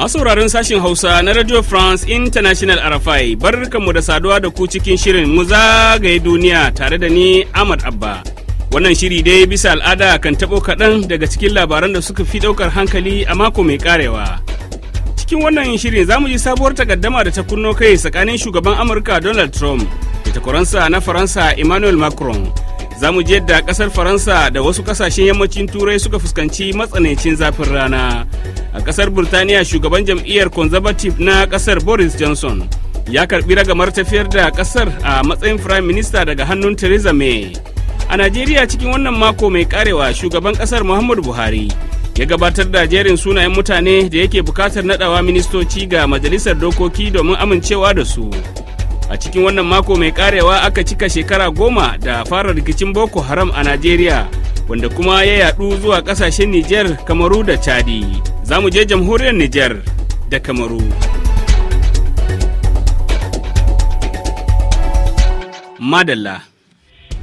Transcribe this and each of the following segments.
Masu sauraron sashin Hausa na Radio France International RFI barkanmu da saduwa da ku cikin shirin mu zagaye duniya tare da ni Ahmad Abba. Wannan shiri dai bisa al'ada kan tabo kaɗan daga cikin labaran da suka fi ɗaukar hankali a mako mai ƙarewa. Cikin wannan shirin za mu ji sabuwar takaddama da ta kunno kai tsakanin shugaban Amurka Donald Trump da takwaransa na Faransa Emmanuel Macron. za mu je yadda kasar faransa da wasu kasashen yammacin turai suka fuskanci matsanancin zafin rana a kasar burtaniya shugaban jam'iyyar conservative na kasar boris johnson ya karbi ragamar tafiyar da kasar a matsayin prime minister daga hannun theresa may a najeriya cikin wannan mako mai karewa shugaban kasar muhammadu buhari ya gabatar da jerin sunayen mutane da yake bukatar nadawa ministoci ga majalisar dokoki domin amincewa da su a cikin wannan mako mai karewa aka cika shekara goma da fara rikicin boko haram a najeriya wanda kuma ya yadu zuwa kasashen niger kamaru da chadi za mu je jamhuriyar niger da kamaru madalla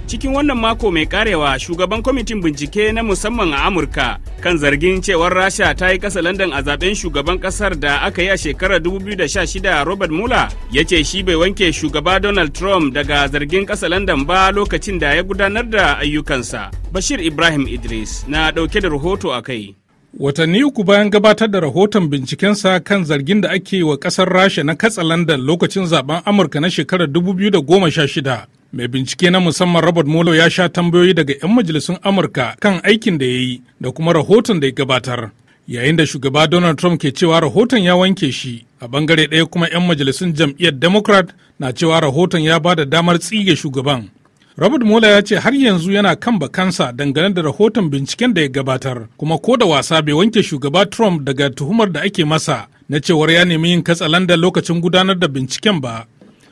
cikin wannan mako mai karewa shugaban kwamitin bincike na musamman a amurka kan zargin cewar rasha ta yi kasa london a zaben shugaban kasar da aka yi a shekarar 2016 robert mueller ya ce shi bai wanke shugaba donald trump daga zargin kasa london ba lokacin da ya gudanar da ayyukansa bashir ibrahim idris na dauke da rahoto a kai watanni uku bayan gabatar da rahoton bincikensa kan zargin da ake wa kasar rasha na katsa london lokacin zaben amurka na shekarar 2016 Mai bincike na musamman Robert molo ya sha tambayoyi daga 'yan majalisun Amurka kan aikin da ya yi da kuma rahoton da ya gabatar. Yayin da shugaba Donald Trump ke cewa rahoton ya wanke shi, a bangare ɗaya kuma 'yan majalisun jam'iyyar Democrat na cewa rahoton ya ba da damar tsige shugaban. Robert Mueller ya ce har yanzu yana kan bakansa dangane da rahoton binciken da ya gabatar, kuma ko da wasa bai wanke shugaba Trump daga tuhumar da ake masa na cewar ya nemi yin katsalanda lokacin gudanar da binciken ba.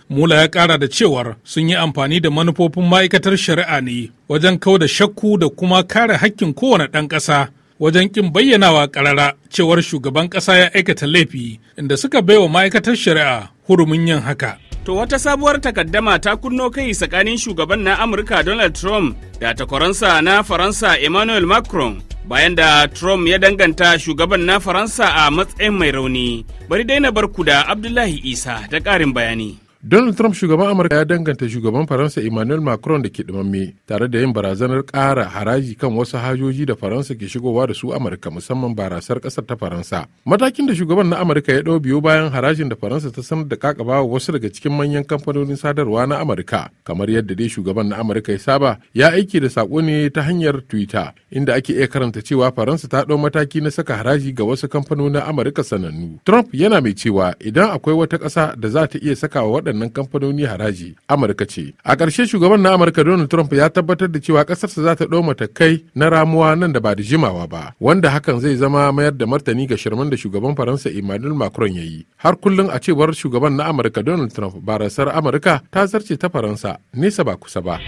Mula ya kara da cewar sun yi amfani da manufofin ma'aikatar shari'a ne wajen kau da shakku da kuma kare hakkin kowane ɗan ƙasa wajen ƙin bayyanawa ƙarara cewar shugaban ƙasa ya aikata laifi inda suka baiwa ma'aikatar shari'a hurumin yin haka. To wata sabuwar takaddama ta kunno kai tsakanin shugaban na Amurka Donald Trump da takwaransa na Faransa Emmanuel Macron bayan da Trump ya danganta shugaban na Faransa a matsayin mai rauni. Bari daina barku da Abdullahi Isa da ƙarin bayani. Donald Trump shugaban Amurka ya danganta shugaban Faransa Emmanuel Macron da ke ɗumamme tare da yin barazanar kara haraji kan wasu hajoji da Faransa ke shigowa da su Amurka musamman barasar ƙasar ta Faransa. Matakin da shugaban na Amurka ya ɗau biyo bayan harajin da Faransa ta sanar da kakaba wasu daga cikin manyan kamfanonin sadarwa na Amurka. Kamar yadda dai shugaban na Amurka ya saba ya aiki da saƙo ne ta hanyar Twitter inda ake iya karanta cewa Faransa ta ɗau mataki na saka haraji ga wasu kamfanonin Amurka sanannu. Trump yana mai cewa idan akwai wata ƙasa da za ta iya saka wa waɗannan kamfanoni haraji amurka ce a ƙarshe shugaban na amurka donald trump ya tabbatar da cewa ƙasarsa za ta ɗau kai na ramuwa nan da ba da jimawa ba wanda hakan zai zama mayar da martani ga shirman da shugaban faransa emmanuel macron ya yi har kullum a cewar shugaban na amurka donald trump barasar amurka ta zarce ta faransa nesa ba kusa ba.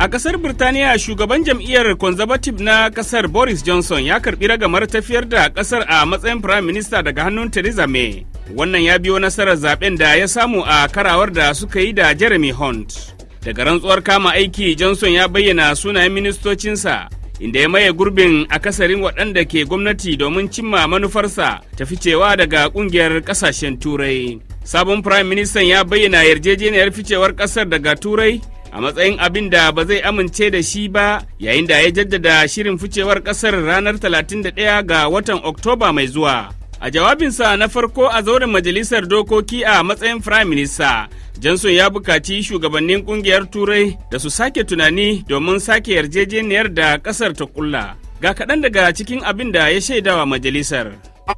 A kasar Birtaniya shugaban jam'iyyar Conservative na kasar Boris Johnson ya karbi ragamar tafiyar da kasar a matsayin Prime Minister daga hannun Theresa May. Wannan ya biyo nasarar zaben da ya samu a karawar da suka yi da Jeremy Hunt. Daga rantsuwar kama aiki Johnson ya bayyana sunayen ministocinsa inda ya maye gurbin akasarin waɗanda ke gwamnati domin cimma manufarsa ta ficewa daga ƙungiyar ƙasashen turai. Sabon prime minister ya bayyana yarjejeniyar ficewar ƙasar daga turai a matsayin abin da ba zai amince da shi ba yayin da ya jaddada shirin ficewar ƙasar ranar 31 ga watan Oktoba mai zuwa. A jawabinsa na farko a zauren majalisar dokoki a matsayin Prime Minista, Johnson ya bukaci shugabannin kungiyar Turai da su sake tunani domin sake yarjejeniyar da kasar ta kulla. Ga kaɗan daga cikin abin da ya shaidawa majalisar.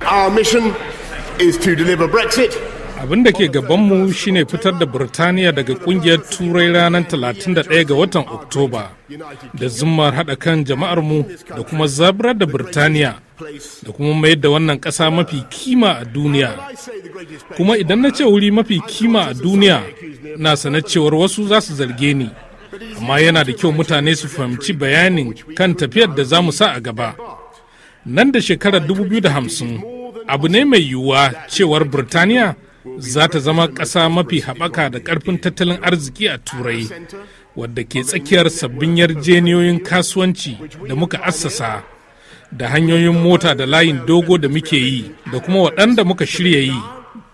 Our mission is to deliver Brexit. abin da ke gabanmu shine fitar da burtaniya daga kungiyar turai ranar 31 ga watan oktoba da zummar haɗa kan jama'armu da kuma zaburar da burtaniya da kuma mayar da wannan ƙasa mafi kima a duniya kuma idan na ce wuri mafi kima a duniya na sanar cewar wasu za su zarge ni amma yana da kyau mutane su fahimci bayanin kan tafiyar da za mu sa a gaba nan da shekarar 2050 abu ne mai yiwuwa cewar birtaniya za ta zama ƙasa mafi haɓaka da ƙarfin tattalin arziki a turai wadda ke tsakiyar sabbin yarjeniyoyin kasuwanci da muka assasa da hanyoyin mota da layin dogo da muke yi da kuma waɗanda muka shirya yi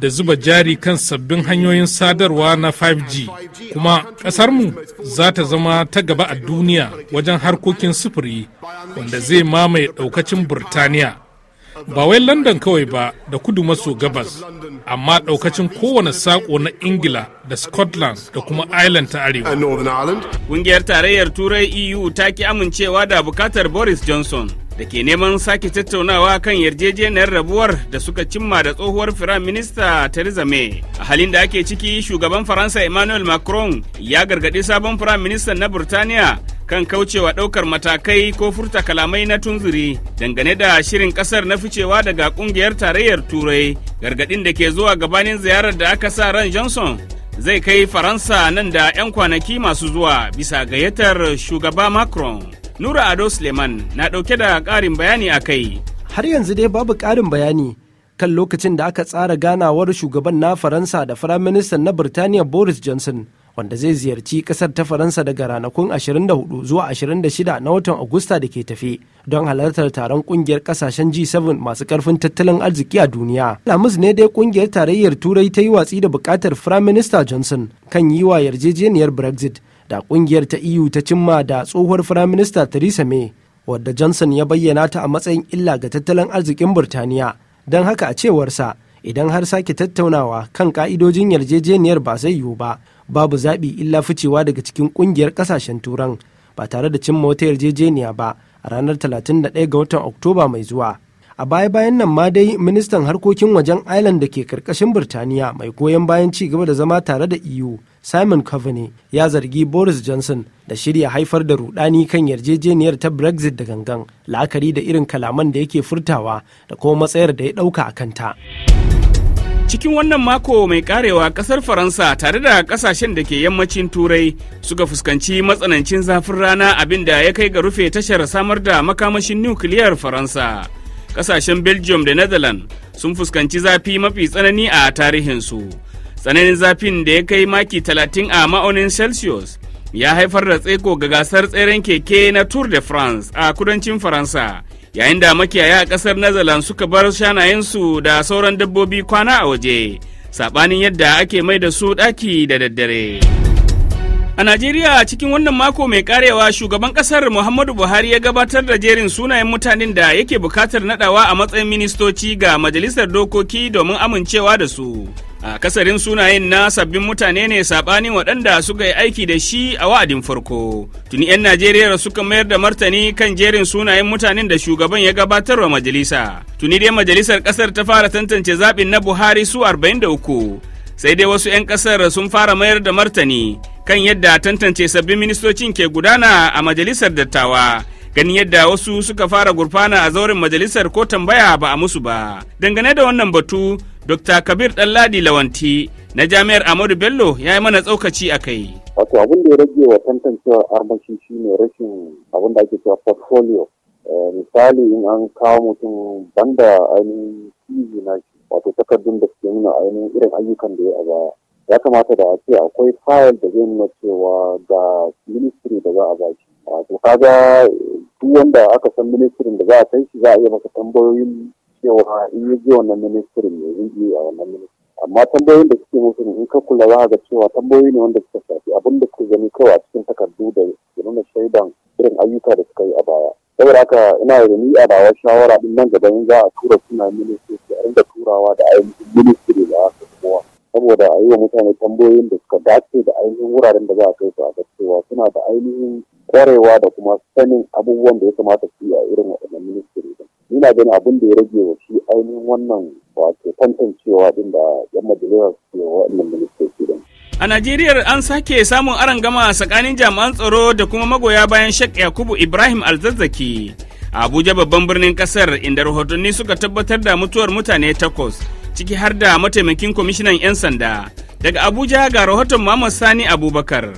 da zuba jari kan sabbin hanyoyin sadarwa na 5G kuma ƙasarmu za ta zama ta gaba a duniya wajen harkokin sufuri wanda zai mamaye ɗaukacin Burtaniya. Ba wai London kawai ba da kudu maso gabas, amma ɗaukacin kowane saƙo na Ingila da Scotland da kuma Ireland ta Arewa. Ƙungiyar Tarayyar Turai EU ta ki amincewa da bukatar Boris Johnson. da ke neman sake tattaunawa kan yarjejeniyar rabuwar da suka cimma da tsohuwar firayim minista Theresa May. A halin da ake ciki shugaban Faransa Emmanuel Macron ya gargaɗi sabon firayim minista na Burtaniya kan kaucewa ɗaukar matakai ko furta kalamai na tunzuri dangane da shirin ƙasar na ficewa daga ƙungiyar tarayyar turai gargaɗin da ke zuwa gabanin ziyarar da aka sa ran johnson zai kai faransa nan da 'yan kwanaki masu zuwa bisa gayyatar shugaba macron Nura Ado Suleiman na ɗauke da ƙarin bayani a kai. Har yanzu dai babu ƙarin bayani kan lokacin da aka tsara ganawar shugaban na Faransa da Firaministan na Birtaniya Boris Johnson wanda zai ziyarci ƙasar ta Faransa daga ranakun 24 zuwa 26 na watan Agusta da ke tafe don halartar taron ƙungiyar ƙasashen G7 masu ƙarfin tattalin arziki a duniya. Lamus ne dai ƙungiyar tarayyar Turai ta yi watsi da buƙatar Firaminista Johnson kan yi wa yarjejeniyar Brexit da kungiyar ta EU ta cimma da tsohuwar firaminista Theresa May wadda Johnson ya bayyana ta a matsayin illa ga tattalin arzikin Burtaniya don haka a cewarsa idan har sake tattaunawa kan ka'idojin yarjejeniyar ba zai yiwu ba babu zaɓi illa ficewa daga cikin kungiyar ƙasashen turan ba tare da cimma wata yarjejeniya ba a ranar 31 ga watan Oktoba mai zuwa. a baya-bayan nan ma dai ministan harkokin wajen Ireland da ke karkashin Birtaniya mai goyon bayan ci gaba da zama tare da EU simon coveney ya zargi boris johnson da shirya haifar da rudani kan yarjejeniyar ta brexit da gangan la'akari da irin kalaman da yake furtawa da kuma matsayar da ya dauka a kanta cikin wannan mako mai karewa kasar faransa tare da kasashen da ke yammacin turai suka fuskanci matsanancin zafin rana abin da ya kai ga rufe tashar samar da makamashin nukiliyar faransa kasashen belgium da netherlands sun fuskanci zafi mafi tsanani a tarihinsu tsananin zafin da ya kai maki 30 a ma'aunin celsius ya haifar da tseko ga gasar tseren keke na tour de france a kudancin faransa yayin da makiyaya a kasar netherlands suka bar shanayensu da sauran dabbobi kwana a waje sabanin yadda ake mai da su daki da daddare. A Najeriya cikin wannan mako mai karewa shugaban kasar Muhammadu Buhari ya gabatar da jerin sunayen mutanen da yake bukatar nadawa a matsayin ministoci ga majalisar dokoki domin amincewa da su. a kasarin sunayen na sabbin mutane ne saɓanin waɗanda suka yi aiki da shi a wa'adin farko tuni 'yan najeriya suka mayar da martani kan jerin sunayen mutanen da shugaban ya gabatar wa majalisa tuni dai majalisar ƙasar ta fara tantance zaɓin na buhari su 43 sai dai wasu 'yan ƙasar sun fara mayar da martani kan yadda tantance sabbin ministocin ke gudana a majalisar dattawa gani yadda wasu suka fara gurfana a zauren majalisar ko tambaya ba a musu ba dangane da wannan batu Dr. Kabir Ɗanladi Lawanti na Jami'ar amadu Bello ya yi mana tsaukaci a kai. Wato abin da ya rage wa tantancewar armashi ne rashin abin da ake cewa portfolio. Eh, misali in an kawo mutum banda ainihin CV na shi wato takardun da suke nuna ainihin irin ayyukan da ya a baya. Ya kamata da a ce akwai fayil da zai nuna cewa ga ministry da za a ba Wato kaga eh, duk wanda aka san ministry da za a kai shi za a iya masa tambayoyin cewa in yi je wannan ministirin ne in yi a wannan ministirin amma tambayoyin da suke musu in ka kula za ga cewa tambayoyi ne wanda suka shafi abin da suka gani kawai a cikin takardu da nuna shaidan irin ayyuka da suka yi a baya saboda haka ina da ni a bawa shawara din nan gaba in za a tura suna ministoci a ringa turawa da ainihin ministry da aka kowa saboda a yi wa mutane tambayoyin da suka dace da ainihin wuraren da za a kai su a cewa suna da ainihin kwarewa da kuma sanin abubuwan da ya kamata su yi a irin waɗannan ministry ina gani abin da ya rage wa shi ainihin wannan wato tantancewa din da yan majalisar ke wa'annan ministoci da A Najeriya an sake samun aron gama tsakanin jami'an tsaro da kuma magoya bayan Sheikh Yakubu Ibrahim Alzazzaki. A Abuja babban birnin kasar inda rahotanni suka tabbatar da mutuwar mutane takwas ciki har da mataimakin kwamishinan 'yan sanda. Daga Abuja ga rahoton Muhammad Sani Abubakar.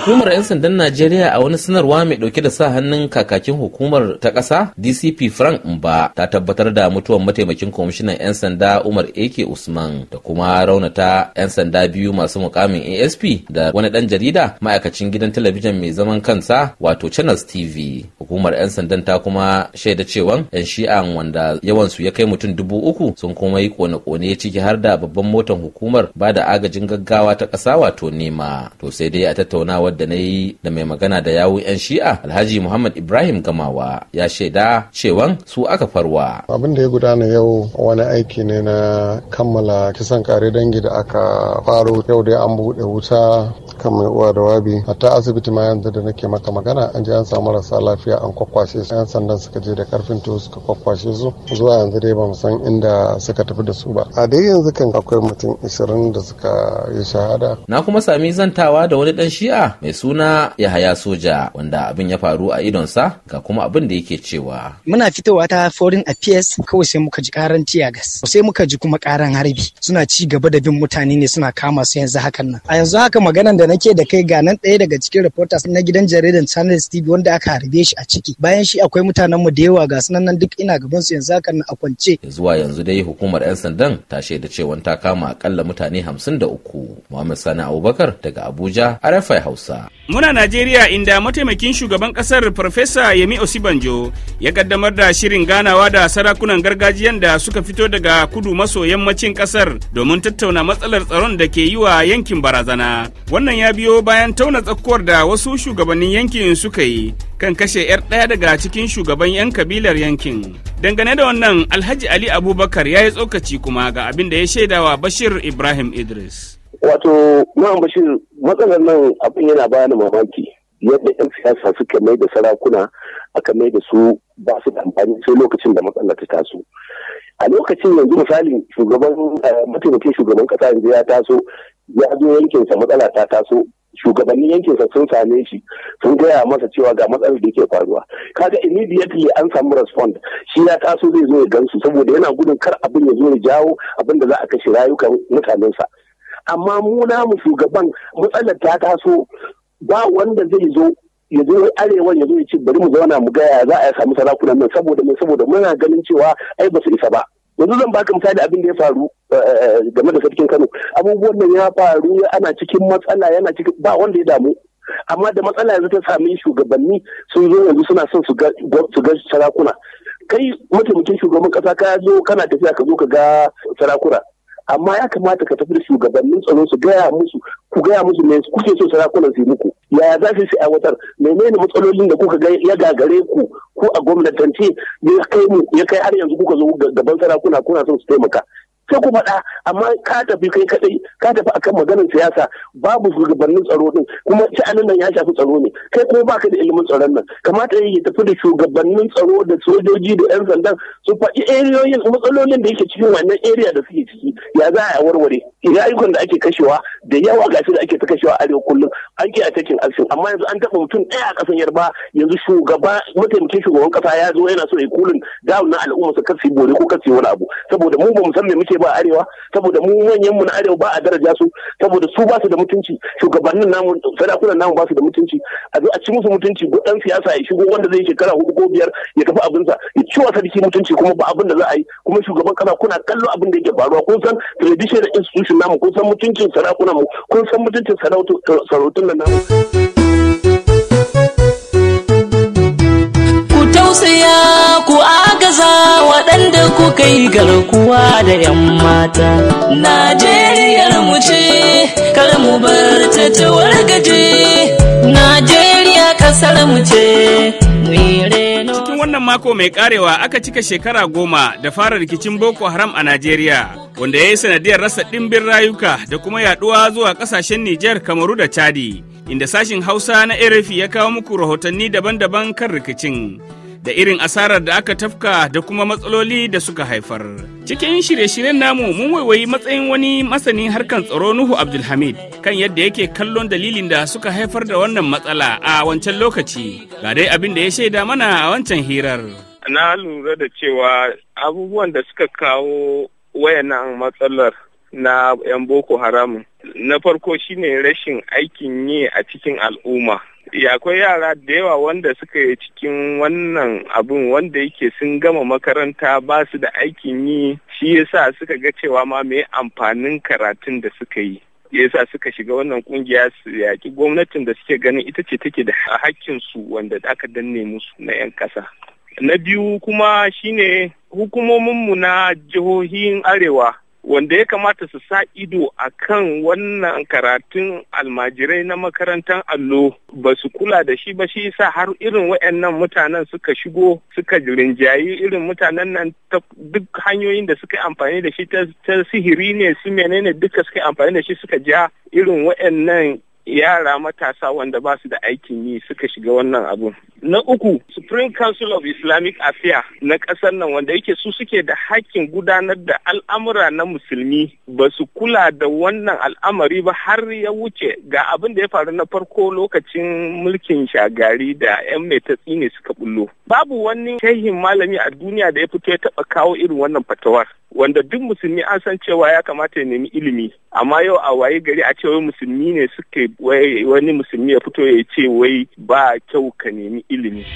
Hukumar 'yan sandan Najeriya a wani sanarwa mai dauke da sa hannun kakakin hukumar ta ƙasa DCP Frank Mba ta tabbatar da mutuwar mataimakin kwamishinan 'yan sanda Umar AK Usman da kuma raunata 'yan sanda biyu masu mukamin ASP da wani dan jarida ma'aikacin gidan talabijin mai zaman kansa wato Channels TV. Hukumar 'yan sandan ta kuma shaida cewan 'yan shi'an wanda yawansu ya kai mutum dubu uku sun kuma yi kone-kone ciki har da babban motar hukumar ba da agajin gaggawa ta ƙasa wato nema. To sai dai a tattaunawa zantawa da na yi da mai magana da yawun 'yan shi'a alhaji muhammad ibrahim gamawa ya shaida cewan su aka farwa abin da ya gudana yau wani aiki ne na kammala kisan kare dangi da aka faro yau dai an buɗe wuta kan mai uwa da wabi hatta asibiti ma yanzu da nake maka magana an je an samu marasa lafiya an kwakwashe su yan sandan suka je da karfin to suka kwakwashe su zuwa yanzu dai ba san inda suka tafi da su ba a dai yanzu kan akwai mutum 20 da suka yi shahada na kuma sami zantawa da wani dan shi'a mai suna Yahaya Soja wanda abin ya faru a idonsa ga kuma abin da yake cewa. Muna fitowa ta Foreign Affairs kawai sai muka ji karan tiyagas sai muka ji kuma karan harbi suna ci gaba da bin mutane ne suna kama su yanzu hakan nan. A yanzu haka maganan da nake da kai ga nan ɗaya daga cikin reporters na gidan jaridan Channel TV wanda aka harbe shi a ciki bayan shi akwai mutanen mu da yawa ga sunan nan duk ina gaban su yanzu hakan nan a kwance. Zuwa yanzu dai hukumar 'yan sandan ta shaida cewa ta kama akalla mutane 53. Muhammad Sani Abubakar daga Abuja, RFI Hausa. ƙasa. Muna Najeriya inda mataimakin shugaban ƙasar Farfesa Yemi Osibanjo ya kaddamar da shirin ganawa da sarakunan gargajiyan da suka fito daga kudu maso yammacin ƙasar domin tattauna matsalar tsaron da ke yi wa yankin barazana. Wannan ya biyo bayan tauna tsakkuwar da wasu shugabannin yankin suka yi kan kashe 'yar ɗaya daga cikin shugaban 'yan kabilar yankin. Dangane da wannan Alhaji Ali Abubakar ya yi tsokaci kuma ga abin da ya shaidawa Bashir Ibrahim Idris. wato ma'am bashir matsalar nan abin yana ni mamaki yadda yan siyasa suka mai da sarakuna aka mai da su ba su da amfani sai lokacin da matsalar ta taso a lokacin yanzu misali shugaban eh, mataimakin shugaban kasa yanzu ya taso ya zo yankinsa matsala ta taso shugabannin yankinsa sun same shi sun gaya masa cewa ga matsalar da yake faruwa kaga immediately an samu respond shi ya taso zai zo ya gansu saboda yana gudun kar abin ya zo ya jawo abin da za a kashe rayukan mutanensa amma mu namu shugaban matsalar ta taso ba wanda zai zo ya zo arewa ya zo ya ce bari mu zauna mu gaya za a samu sarakunan nan saboda mai saboda muna ganin cewa ai ba su isa ba yanzu zan baka misali abin da ya faru eh, eh, game da sarkin Kano abubuwan nan ya faru ana cikin matsala yana cikin ba wanda ya damu amma da matsala yanzu ta sami shugabanni sun zo yanzu suna son su ga sarakuna kai mataimakin shugaban kasa ka zo kana tafiya ka zo ka ga sarakuna amma ya kamata ka tafi da shugabannin tsaro su gaya musu ku gaya musu me kuke so sarakunan su muku yaya za su yi aiwatar menene matsalolin da kuka ya gagare ku ko a gwamnatance ya kai mu ya kai har yanzu kuka zo gaban sarakuna kuna son su taimaka sai ku faɗa amma ka tafi kai kadai ka tafi akan maganar siyasa babu shugabannin tsaro din kuma sha'anin nan ya shafi tsaro ne kai kuma baka da ilimin tsaron nan kamata ya tafi da shugabannin tsaro da sojoji da yan sandan su faɗi eriyoyin matsalolin da yake cikin wannan area da suke ciki ya za a warware ayyukan da ake kashewa da yawa gashi da ake ta kashewa arewa kullum an ce a cikin action amma yanzu an taɓa mutum ɗaya a ƙasar yarba yanzu shugaba mataimakin shugaban ƙasa ya zo yana so ya kulin dawo na al'umma su karsi bore ko karsi wani abu saboda mu ba mu san me muke ba arewa saboda mu manyan mu na arewa ba a daraja su saboda su ba su da mutunci shugabannin namu sadakunan namu ba su da mutunci a zo a ci musu mutunci dan siyasa ya shigo wanda zai shekara hudu ko biyar ya tafi abinsa ya ci wa sarki mutunci kuma ba abin da za a yi kuma shugaban ƙasa kuna kallo abin da yake faruwa kun san traditional institution namu kun san mutuncin sarakunan mu kun san mutuncin sarautun Allah ku tausaya ku agaza waɗanda ku kai garkuwa da 'yan mata Najeriyar mu ce kar mu bar ta ta wargaje cikin wannan mako mai karewa aka cika shekara goma da fara rikicin boko haram a najeriya wanda ya yi sanadiyar rasa ɗimbin rayuka da kuma yaɗuwa zuwa ƙasashen nijar kamaru da chadi inda sashin hausa na erefi ya kawo muku rahotanni daban-daban kan rikicin da irin asarar da aka tafka da kuma matsaloli da suka haifar. Cikin shirye-shiryen namu mun waiwayi matsayin wani masanin harkar tsaro Nuhu Abdulhamid kan yadda yake kallon dalilin da suka haifar da wannan matsala a wancan lokaci. Ga dai abin da ya shaida mana a wancan hirar. Na lura da cewa abubuwan da suka kawo wayannan matsalar na 'yan Boko Haram na farko shine rashin aikin yi a cikin al'umma. ya akwai yara da yawa wanda suka yi cikin wannan abin wanda yake sun gama makaranta ba su da aikin yi shi yasa suka ga cewa ma mai amfanin karatun da suka yi yasa suka shiga wannan kungiya su yaki gwamnatin da suke ganin ita ce take da hakkin su wanda aka danne musu na 'yan ƙasa. na biyu kuma shine mu na jihohin arewa wanda ya kamata su sa ido a kan wannan karatun almajirai na makarantar allo ba su kula da shi ba shi sa har irin wayannan mutanen suka shigo suka rinjayi irin mutanen nan duk hanyoyin da suka amfani da shi ta sihiri ne su menene duka suka amfani da shi suka ja irin wayannan yara matasa wanda ba su da aikin yi suka shiga wannan abun. Na uku, Supreme Council of Islamic Affairs na ƙasar nan wanda yake su suke da hakkin gudanar da al'amura na musulmi ba su kula da wannan al'amari ba har ya wuce ga abin da ya faru na farko lokacin mulkin shagari da 'yan mai tatsi ne suka bullo. Babu wani shehin malami a duniya da ya fito ya taɓa kawo irin wannan fatawar. wanda duk musulmi an san cewa ya kamata ya nemi ilimi amma yau a waye gari a cewa musulmi ne suke wani musulmi ya fito ya ce wai ba kyau ka nemi ilimi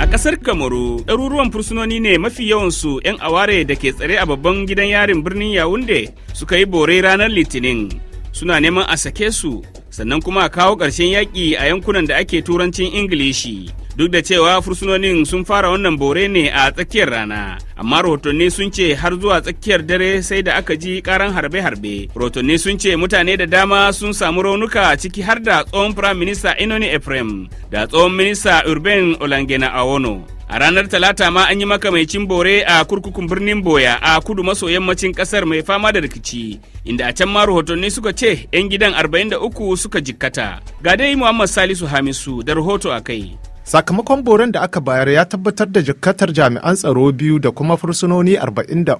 a kasar kamaru ɗaruruwan fursunoni ne mafi yawansu 'yan aware da ke tsare a babban gidan yarin birnin yawunde suka yi bore ranar litinin suna neman a sake su sannan kuma a kawo ƙarshen yaƙi a yankunan da ake turancin ingilishi duk da cewa fursunonin sun fara wannan bore ne a tsakiyar rana amma rahotanni sun ce har zuwa tsakiyar dare sai da aka ji karan harbe-harbe rahotanni sun ce mutane da dama sun samu raunuka ciki har da tsohon firayim minista inoni ephraim da tsohon minista urban olangena awono a ranar talata ma an yi makamaicin bore a kurkukun birnin boya a kudu maso yammacin kasar mai fama da rikici inda a can ma rahotanni suka ce 'yan gidan arba'in da uku suka jikkata ga dai muhammad salisu hamisu da rahoto a kai sakamakon boron da aka bayar ya tabbatar da jikkatar jami'an tsaro biyu da kuma fursunoni 43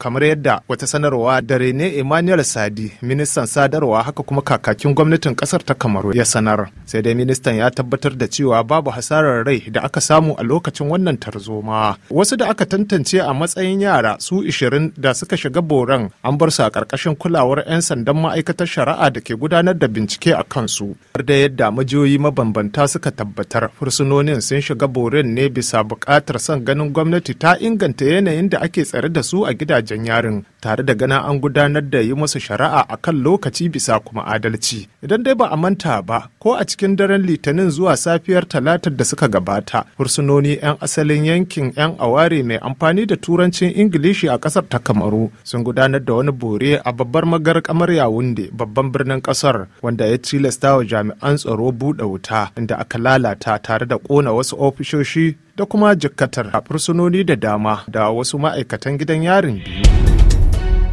kamar yadda wata sanarwa da rene emmanuel sadi ministan sadarwa haka kuma kakakin gwamnatin kasar ta kamaru ya sanar sai dai ministan ya tabbatar da cewa babu hasarar rai da aka samu a lokacin wannan tarzoma wasu da aka tantance a matsayin yara su 20 da suka shiga boran, an bar su a ƙarƙashin kulawar 'yan sandan ma'aikatar shari'a da ke gudanar da bincike a kansu har da yadda majiyoyi mabambanta suka tabbatar fursunoni fursunonin sun shiga borin ne bisa buƙatar son ganin gwamnati ta inganta yanayin da ake tsare da su a gidajen yarin tare da gana an gudanar da yi musu shari'a a kan lokaci bisa kuma adalci idan dai ba a manta ba ko a cikin daren litinin zuwa safiyar talatar da suka gabata fursunoni 'yan asalin yankin 'yan aware mai amfani da turancin ingilishi a kasar ta kamaru sun gudanar da wani bore a babbar magar kamar yawunde babban birnin ƙasar wanda ya tilasta wa jami'an tsaro buɗe wuta inda aka lalata tare da da kona wasu ofishoshi da kuma jikkatar fursunoni da dama da wasu ma'aikatan gidan yarin biyu.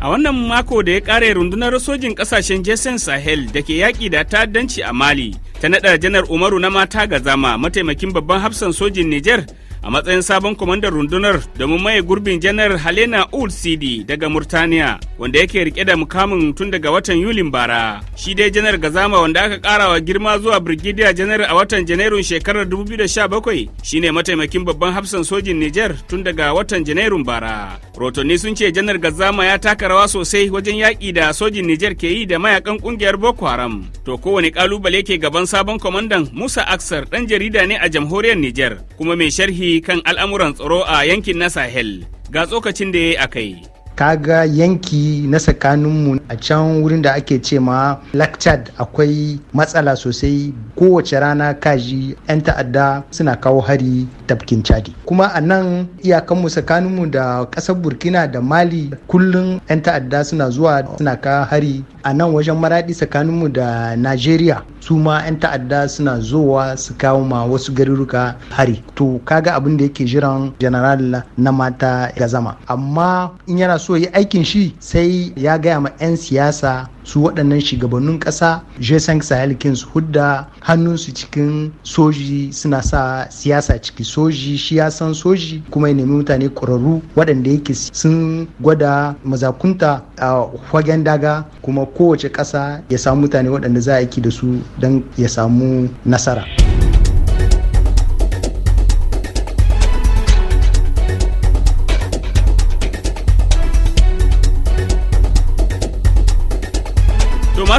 A wannan mako da ya kare rundunar sojin kasashen Jason Sahel da ke yaƙi da ta'addanci a Mali, ta naɗa janar Umaru na mata ga zama mataimakin babban hafsan sojin Nijar a matsayin sabon kwamandan rundunar domin maye gurbin janar Halena Old Sidi daga Murtaniya wanda yake rike da mukamin tun daga watan Yulin bara. Shi dai janar Gazama wanda aka karawa girma zuwa Brigadier janar a watan Janairun shekarar 2017 shine mataimakin babban hafsan sojin Niger tun daga watan Janairun bara. Rotonni sun ce janar Gazama ya taka rawa sosai wajen yaƙi da sojin Niger ke yi da mayakan kungiyar Boko Haram. To kowane ƙalubale ke gaban sabon kwamandan Musa Aksar dan jarida ne a jamhuriyar Niger kuma mai sharhi kan al'amuran tsaro a yankin na Sahel ga tsokacin da ya yi a kai. kaga yanki na tsakaninmu a can wurin da ake ce ma lakchad akwai matsala sosai kowace rana kaji 'yan ta'adda suna kawo hari tafkin chadi kuma a nan iyakanmu tsakaninmu da ƙasar burkina da mali kullum 'yan ta'adda suna zuwa suna ka hari a nan wajen maradi tsakaninmu da najeriya su ma 'yan ta'adda suna zowa su kawo ma wasu garuruka hari to kaga abin da yake jiran general na mata ga zama amma in yana so ya aikin shi sai ya gaya ma 'yan siyasa su waɗannan shugabannin ƙasa jason sahel kings hudda hannunsu cikin soji suna sa siyasa ciki soji shi ya san soji kuma ya nemi mutane ƙwararru waɗanda yake sun gwada mazakunta a fagen daga kuma kowace ƙasa ya samu mutane waɗanda za a aiki da su don ya samu nasara.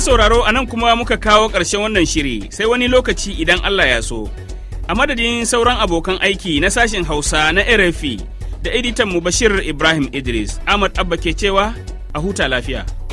sauraro a nan kuma muka kawo ƙarshen wannan shiri sai wani lokaci idan Allah ya so. A madadin sauran abokan aiki na sashen Hausa na RFI da editan mu Bashir Ibrahim Idris, Ahmad Abba ke cewa a huta lafiya.